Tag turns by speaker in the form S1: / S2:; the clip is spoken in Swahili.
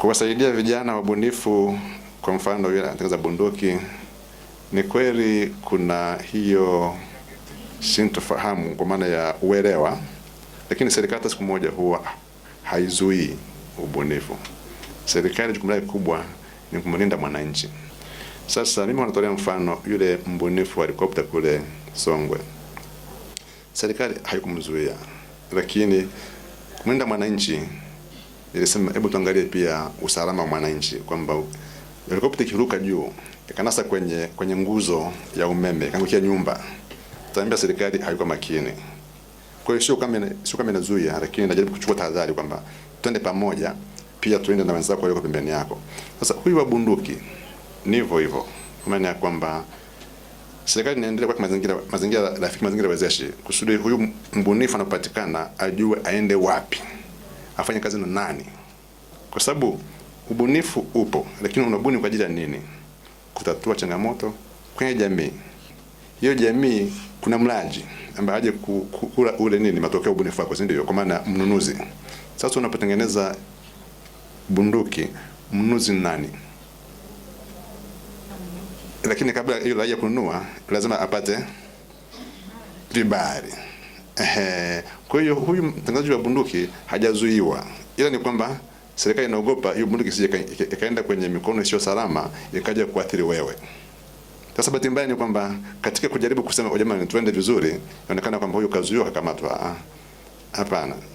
S1: Kuwasaidia vijana wabunifu, kwa mfano yule anatengeneza bunduki, ni kweli kuna hiyo sintofahamu kwa maana ya uelewa, lakini serikali hata siku moja huwa haizuii ubunifu. Serikali jukumu lake kubwa ni kumlinda mwananchi. Sasa mimi wanatolea mfano yule mbunifu wa helikopta kule Songwe, serikali haikumzuia, lakini kumlinda mwananchi ilisema hebu tuangalie pia usalama wa mwananchi, kwamba helikopta ikiruka juu ikanasa kwenye kwenye nguzo ya umeme ikangukia nyumba, tutaambia serikali haikuwa makini. Kwa hiyo sio kama sio kama inazuia, lakini najaribu kuchukua tahadhari kwamba twende pamoja, pia tuende na wenzako walioko pembeni yako. Sasa huyu wa bunduki ni hivyo hivyo, kwa maana ya kwamba serikali inaendelea kuweka mazingira mazingira rafiki, mazingira wezeshi kusudi huyu mbunifu anapatikana ajue aende wapi afanye kazi na nani, kwa sababu ubunifu upo, lakini unabuni kwa ajili ya nini? Kutatua changamoto kwenye jamii. Hiyo jamii kuna mlaji ambaye aje kula ule nini, matokeo ubunifu wako, si ndio? Kwa maana mnunuzi. Sasa unapotengeneza bunduki, mnunuzi nani? Lakini kabla hiyo haja kununua, lazima apate vibali. Ehe, kwa hiyo huyu mtangazaji wa bunduki hajazuiwa, ila ni kwamba serikali inaogopa hiyo bunduki sije ikaenda kwenye mikono isiyo salama ikaja kuathiri wewe. Sasa bahati mbaya ni kwamba katika kujaribu kusema oh, jamani, tuende vizuri, inaonekana kwamba huyu kazuiwa, kakamatwa. Hapana,